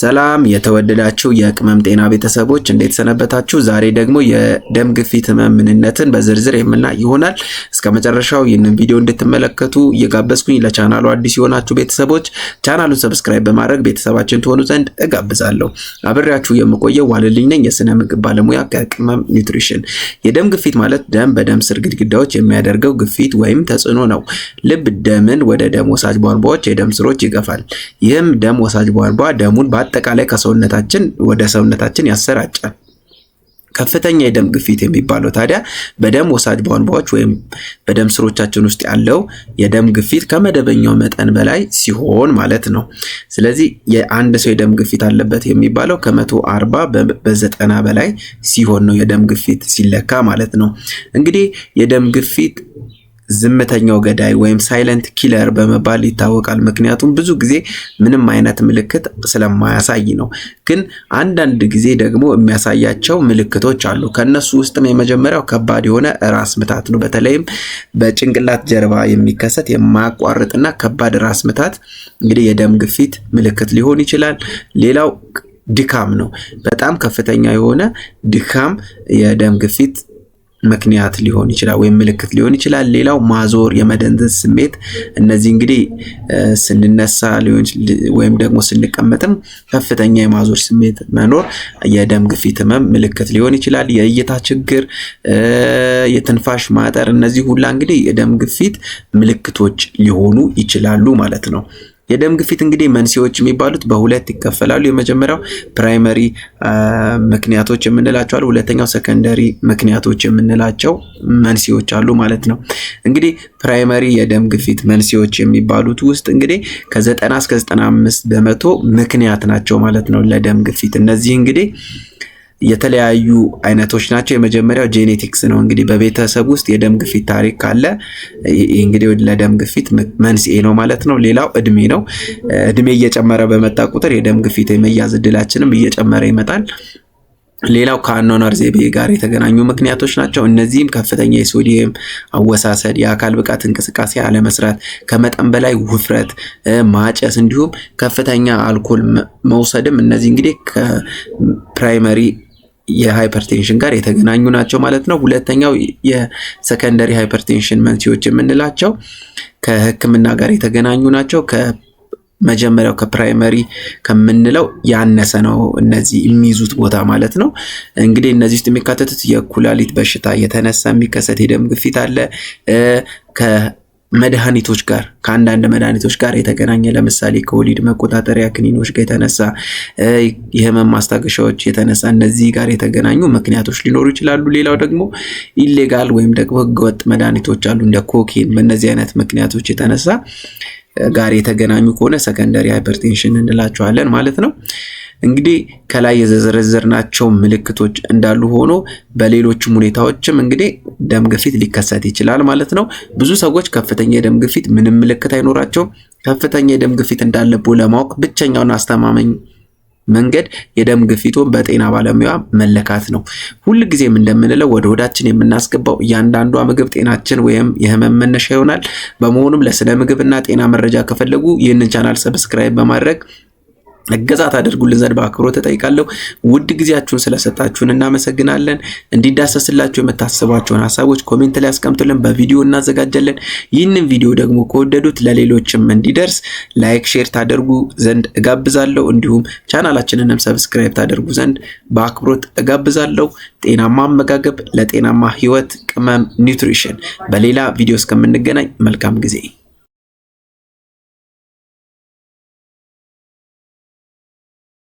ሰላም የተወደዳችሁ የቅመም ጤና ቤተሰቦች እንዴት ሰነበታችሁ? ዛሬ ደግሞ የደም ግፊት ህመም ምንነትን በዝርዝር የምናይ ይሆናል። እስከ መጨረሻው ይህንን ቪዲዮ እንድትመለከቱ እየጋበዝኩኝ ለቻናሉ አዲስ የሆናችሁ ቤተሰቦች ቻናሉን ሰብስክራይብ በማድረግ ቤተሰባችን ትሆኑ ዘንድ እጋብዛለሁ። አብሬያችሁ የምቆየው ዋልልኝ ነኝ፣ የስነ ምግብ ባለሙያ ከቅመም ኒውትሪሽን። የደም ግፊት ማለት ደም በደም ስር ግድግዳዎች የሚያደርገው ግፊት ወይም ተጽዕኖ ነው። ልብ ደምን ወደ ደም ወሳጅ ቧንቧዎች የደም ስሮች ይገፋል። ይህም ደም ወሳጅ ቧንቧ ደሙን በአጠቃላይ ከሰውነታችን ወደ ሰውነታችን ያሰራጫል። ከፍተኛ የደም ግፊት የሚባለው ታዲያ በደም ወሳጅ ቧንቧዎች ወይም በደም ስሮቻችን ውስጥ ያለው የደም ግፊት ከመደበኛው መጠን በላይ ሲሆን ማለት ነው። ስለዚህ የአንድ ሰው የደም ግፊት አለበት የሚባለው ከመቶ አርባ በዘጠና በላይ ሲሆን ነው የደም ግፊት ሲለካ ማለት ነው። እንግዲህ የደም ግፊት ዝምተኛው ገዳይ ወይም ሳይለንት ኪለር በመባል ይታወቃል። ምክንያቱም ብዙ ጊዜ ምንም አይነት ምልክት ስለማያሳይ ነው። ግን አንዳንድ ጊዜ ደግሞ የሚያሳያቸው ምልክቶች አሉ። ከነሱ ውስጥም የመጀመሪያው ከባድ የሆነ ራስ ምታት ነው። በተለይም በጭንቅላት ጀርባ የሚከሰት የማያቋርጥና ከባድ ራስ ምታት እንግዲህ የደም ግፊት ምልክት ሊሆን ይችላል። ሌላው ድካም ነው። በጣም ከፍተኛ የሆነ ድካም የደም ግፊት ምክንያት ሊሆን ይችላል ወይም ምልክት ሊሆን ይችላል። ሌላው ማዞር፣ የመደንዘዝ ስሜት እነዚህ እንግዲህ ስንነሳ ወይም ደግሞ ስንቀመጥም ከፍተኛ የማዞር ስሜት መኖር የደም ግፊት ህመም ምልክት ሊሆን ይችላል። የእይታ ችግር፣ የትንፋሽ ማጠር እነዚህ ሁላ እንግዲህ የደም ግፊት ምልክቶች ሊሆኑ ይችላሉ ማለት ነው። የደም ግፊት እንግዲህ መንስኤዎች የሚባሉት በሁለት ይከፈላሉ። የመጀመሪያው ፕራይመሪ ምክንያቶች የምንላቸው አሉ። ሁለተኛው ሰከንደሪ ምክንያቶች የምንላቸው መንስኤዎች አሉ ማለት ነው። እንግዲህ ፕራይመሪ የደም ግፊት መንስኤዎች የሚባሉት ውስጥ እንግዲህ ከ90 እስከ 95 በመቶ ምክንያት ናቸው ማለት ነው ለደም ግፊት እነዚህ እንግዲህ የተለያዩ አይነቶች ናቸው። የመጀመሪያው ጄኔቲክስ ነው። እንግዲህ በቤተሰብ ውስጥ የደም ግፊት ታሪክ ካለ እንግዲህ ለደም ግፊት መንስኤ ነው ማለት ነው። ሌላው እድሜ ነው። እድሜ እየጨመረ በመጣ ቁጥር የደም ግፊት የመያዝ እድላችንም እየጨመረ ይመጣል። ሌላው ከአኗኗር ዘይቤ ጋር የተገናኙ ምክንያቶች ናቸው። እነዚህም ከፍተኛ የሶዲየም አወሳሰድ፣ የአካል ብቃት እንቅስቃሴ አለመስራት፣ ከመጠን በላይ ውፍረት፣ ማጨስ እንዲሁም ከፍተኛ አልኮል መውሰድም እነዚህ እንግዲህ ከፕራይመሪ የሃይፐርቴንሽን ጋር የተገናኙ ናቸው ማለት ነው። ሁለተኛው የሰከንደሪ ሃይፐርቴንሽን መንስኤዎች የምንላቸው ከህክምና ጋር የተገናኙ ናቸው። ከመጀመሪያው ከፕራይመሪ ከምንለው ያነሰ ነው እነዚህ የሚይዙት ቦታ ማለት ነው። እንግዲህ እነዚህ ውስጥ የሚካተቱት የኩላሊት በሽታ የተነሳ የሚከሰት የደም ግፊት አለ መድኃኒቶች ጋር ከአንዳንድ መድኃኒቶች ጋር የተገናኘ ለምሳሌ ከወሊድ መቆጣጠሪያ ክኒኖች ጋር የተነሳ የህመም ማስታገሻዎች የተነሳ እነዚህ ጋር የተገናኙ ምክንያቶች ሊኖሩ ይችላሉ። ሌላው ደግሞ ኢሌጋል ወይም ደግሞ ህገወጥ መድኃኒቶች አሉ እንደ ኮኬን በእነዚህ አይነት ምክንያቶች የተነሳ ጋር የተገናኙ ከሆነ ሰከንደሪ ሃይፐርቴንሽን እንላቸዋለን ማለት ነው። እንግዲህ ከላይ የዘረዘርናቸው ምልክቶች እንዳሉ ሆኖ በሌሎችም ሁኔታዎችም እንግዲህ ደም ግፊት ሊከሰት ይችላል ማለት ነው። ብዙ ሰዎች ከፍተኛ የደም ግፊት ምንም ምልክት አይኖራቸውም። ከፍተኛ የደም ግፊት እንዳለብዎ ለማወቅ ብቸኛውን አስተማመኝ መንገድ የደም ግፊቱን በጤና ባለሙያ መለካት ነው። ሁል ጊዜም እንደምንለው ወደ ሆዳችን የምናስገባው እያንዳንዷ ምግብ ጤናችን ወይም የህመም መነሻ ይሆናል። በመሆኑም ለስነ ምግብና ጤና መረጃ ከፈለጉ ይህንን ቻናል ሰብስክራይብ በማድረግ እገዛት ታደርጉልን ዘንድ በአክብሮት ተጠይቃለሁ። ውድ ጊዜያችሁን ስለሰጣችሁን እናመሰግናለን። እንዲዳሰስላችሁ የምታስቧቸውን ሀሳቦች ኮሜንት ላይ አስቀምጡልን፣ በቪዲዮ እናዘጋጃለን። ይህንን ቪዲዮ ደግሞ ከወደዱት ለሌሎችም እንዲደርስ ላይክ፣ ሼር ታደርጉ ዘንድ እጋብዛለሁ። እንዲሁም ቻናላችንንም ሰብስክራይብ ታደርጉ ዘንድ በአክብሮት እጋብዛለሁ። ጤናማ አመጋገብ ለጤናማ ህይወት ቅመም ኒውትሪሽን። በሌላ ቪዲዮ እስከምንገናኝ መልካም ጊዜ